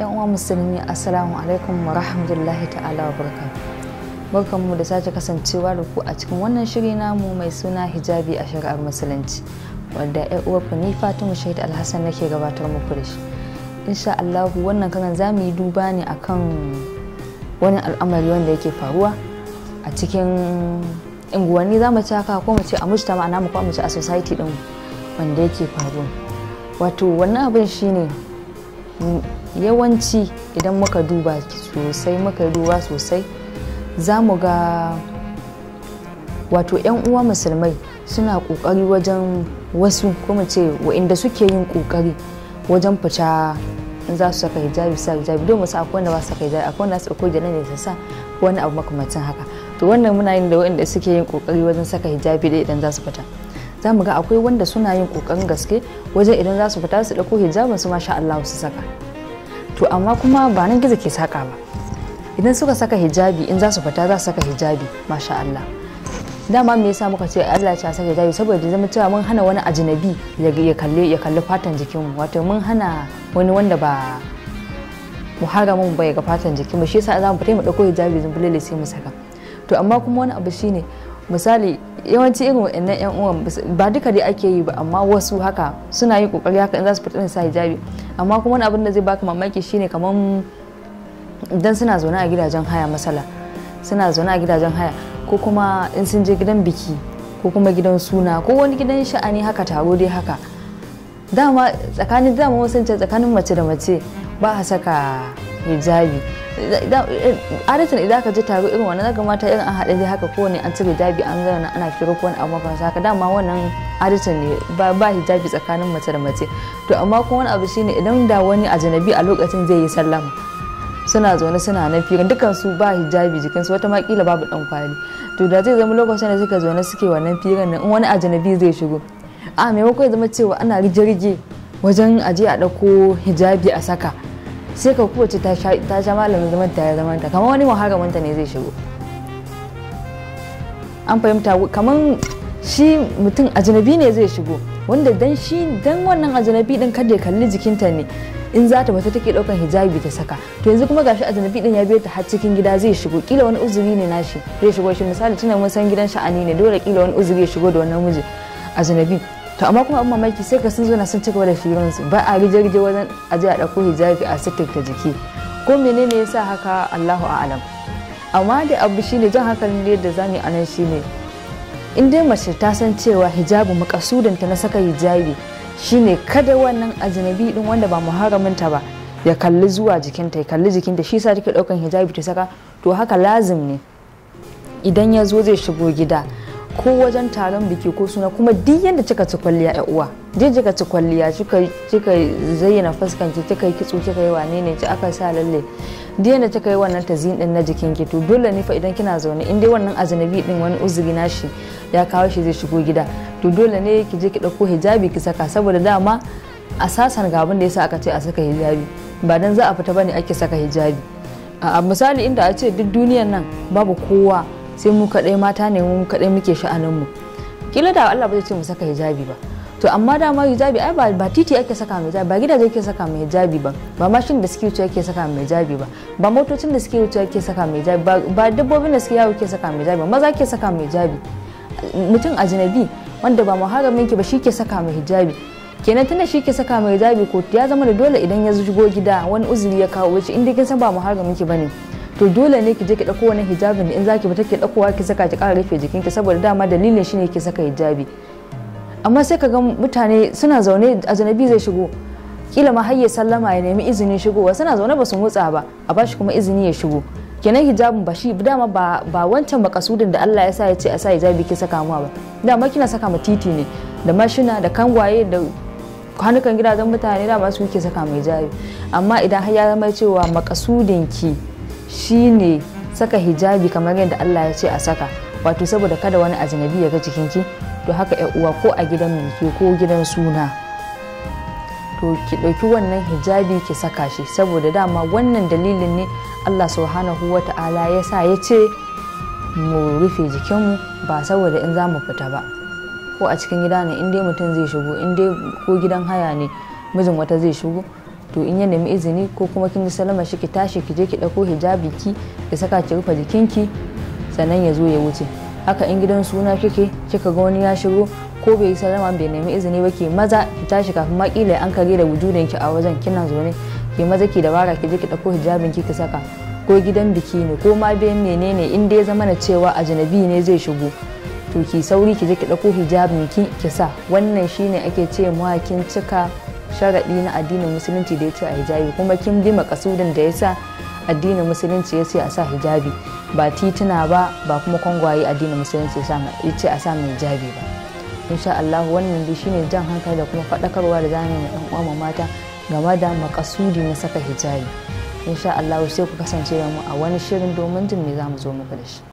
'yan uwa musulmi assalamu alaikum wa rahmatullahi ta'ala wa barka mu da sake kasancewa da ku a cikin wannan shiri namu mai suna hijabi a shari'ar musulunci wanda 'yan uwar ni fatima shahid alhassan nake gabatar muku da shi insha allahu wannan karan za mu yi duba ne akan wani al'amari wanda yake faruwa a cikin unguwanni za mu caka ko mu ce a mujtama na mu ko mu ce a society din wanda yake faruwa wato wannan abin shine yawanci idan muka duba sosai muka duba sosai za mu ga wato 'yan uwa musulmai suna kokari wajen wasu kuma ce wa'inda suke yin kokari wajen fita in za su saka hijabi sa hijabi don musu akwai wanda ba su saka hijabi akwai wanda su dauko janar da su sa wani abu makamacin haka to wannan muna yin da wa'inda suke yin kokari wajen saka hijabi da idan za su fita za mu ga akwai wanda suna yin kokarin gaske wajen idan za su fita su dauko hijabin su masha Allah su saka to amma kuma ba nan gizo ke saka ba idan suka saka hijabi in za su fita za su saka hijabi masha Allah dama me yasa muka ce Allah ya saka hijabi saboda zama cewa mun hana wani ajinabi ya kalle ya kalli fatan jikin mu wato mun hana wani wanda ba ba ya ga fatan jikin mu shi yasa za mu fita mu dauko hijabi zumbulele sai mu saka to amma kuma wani abu shine misali yawanci irin wa'annan yan uwan ba duka dai ake yi ba amma wasu haka suna yi kokari haka in za su fita sa hijabi amma kuma wani abin da zai baka mamaki shine kamar idan suna zaune a gidajen haya masala suna zaune a gidajen haya ko kuma in sun je gidan biki ko kuma gidan suna ko wani gidan sha'ani haka taro dai haka dama tsakanin dama wasu tsakanin mace da mace ba a saka hijabi adatan idan eh, aka ji taro irin wani zaka mata irin an haɗe haka kowane an ci hijabi an zauna ana firo ko wani abu makamsa haka dama wannan adatan ne ba hijabi tsakanin mace da mace to amma kuma wani abu shine idan da wani ajanabi a lokacin zai yi sallama suna zaune suna nan filin dukkan su ba hijabi jikinsu wata ma kila babu dan kwali to da zai zama lokacin da suka zaune suke wannan filin nan in wani ajanabi zai shigo a maimakon ya zama cewa ana rige-rige wajen ajiye a dauko hijabi a saka sai ka kowace ta sha malamin zama ta ya zama ta kamar wani muharramanta ta ne zai shigo an fahimta kamar shi mutum ajinabi ne zai shigo wanda dan shi dan wannan ajinabi din kada ya kalli jikinta ne in za ta bata take daukan hijabi ta saka to yanzu kuma gashi ajinabi din ya biyo har cikin gida zai shigo kila wani uzuri ne nashi zai shigo shi misali tunan mun san gidan sha'ani ne dole kila wani uzuri ya shigo da wannan miji ajinabi to amma kuma amma maiki sai ka sun zo na sun ci da firansu ba a rije-rije wajen aje a ɗauko hijabi a da jiki ko menene ya sa haka allahu a'alam amma da abu shine jan hankalin da yadda zamu a nan shine in dai mace ta san cewa hijabi makasudanta na saka hijabi shine kada wannan ajnabi din wanda ba mu muharaminta ba ya kalli zuwa jikinta ya kalli jikinta shi sa take ɗaukan hijabi ta saka to haka lazim ne idan ya zo zai shigo gida ko wajen taron biki ko suna kuma duk yadda kika ci kwalliya ya uwa duk kika ci kwalliya kika zayyana fuskanci kika kitso kika yi wane ne ki aka sa lalle duk yadda kika yi wannan tazin din na jikin ki to dole ne fa idan kina zaune in dai wannan azanabi din wani uzuri na shi ya kawo shi zai shigo gida to dole ne ki je ki dauko hijabi ki saka saboda dama asasan ga abin da yasa aka ce a saka hijabi ba dan za a fita bane ake saka hijabi a misali inda a ce duk duniyar nan babu kowa sai mu kaɗai mata ne mu kaɗai muke sha'anin mu kila da Allah ba zai ce mu saka hijabi ba to amma dama hijabi ai ba, ba titi ake saka mai hijabi ba gidaje ake saka mai hijabi ba ba mashin da suke wuce ake saka mai hijabi ba ba motocin da suke wuce ake saka mai hijabi ba, ba dabbobin da suke yawo ake saka mai hijabi ba maza ake saka mai hijabi mutum ajnabi wanda ba muharramin ki ba shi ke saka mai hijabi kenan tunda shi ke saka mai hijabi ko ya zama da dole idan ya shigo gida wani uzuri ya kawo wuce inda kin san ba muharramin ki bane to dole ne ki je ki dauko wani hijabin in zaki ba ki daukowa ki saka ki kara rufe jikin ki saboda dama dalilin shine ki saka hijabi amma sai ka ga mutane suna zaune ajanabi zai shigo kila ma hayye sallama ya nemi izinin shigowa suna zaune ba su motsa ba a bashi kuma izini ya shigo kenan hijabin ba shi dama ba ba wancan makasudin da Allah ya sa ya ce a sa hijabi ki saka mu ba dama kina saka ma titi ne da mashina da kangwaye da kwanukan gidajen mutane dama su ke saka mai hijabi amma idan har ya zama cewa makasudin ki shine saka hijabi kamar yadda Allah ya ce a saka wato saboda kada wani ajinabi ya ga jikinki to haka ya uwa ko a gidan mulki ko gidan suna to ki ɗauki wannan hijabi ki saka shi saboda dama wannan dalilin ne Allah subhanahu wa ta'ala ya sa ya ce mu rufe jikinmu ba saboda in za mu fita ba ko a cikin gida ne in dai mutum zai shigo in dai ko gidan haya ne mijin wata zai shigo to in ya nemi izini ko kuma kin ji salama shi ki tashi ki je ki ɗauko hijabi ki ki saka ki rufe jikinki sannan ya zo ya wuce haka in gidan suna kike kika ga wani ya shigo ko bai salama bai nemi izini ba ke maza ki tashi kafin ma kila an kare da wujudan ki a wajen kina zaune ki maza ki dabara ki je ki ɗauko hijabin ki ki saka ko gidan biki ne ko ma bayan menene in dai zama na cewa ajnabi ne zai shigo to ki sauri ki je ki ɗauko hijabin ki ki sa wannan shine ake ce kin cika sharaɗi na addinin musulunci da ya ce a hijabi kuma kin bi makasudin da ya sa addinin musulunci ya ce a sa hijabi ba tituna ba ba kuma kwangwaye addinin musulunci ya ce a sa mai hijabi ba insha Allah wannan dai shine jan hankali da kuma faɗakarwa da zamu yi ɗan uwa mata game da makasudi na saka hijabi insha Allah sai ku kasance da mu a wani shirin domin jin me zamu zo muku da shi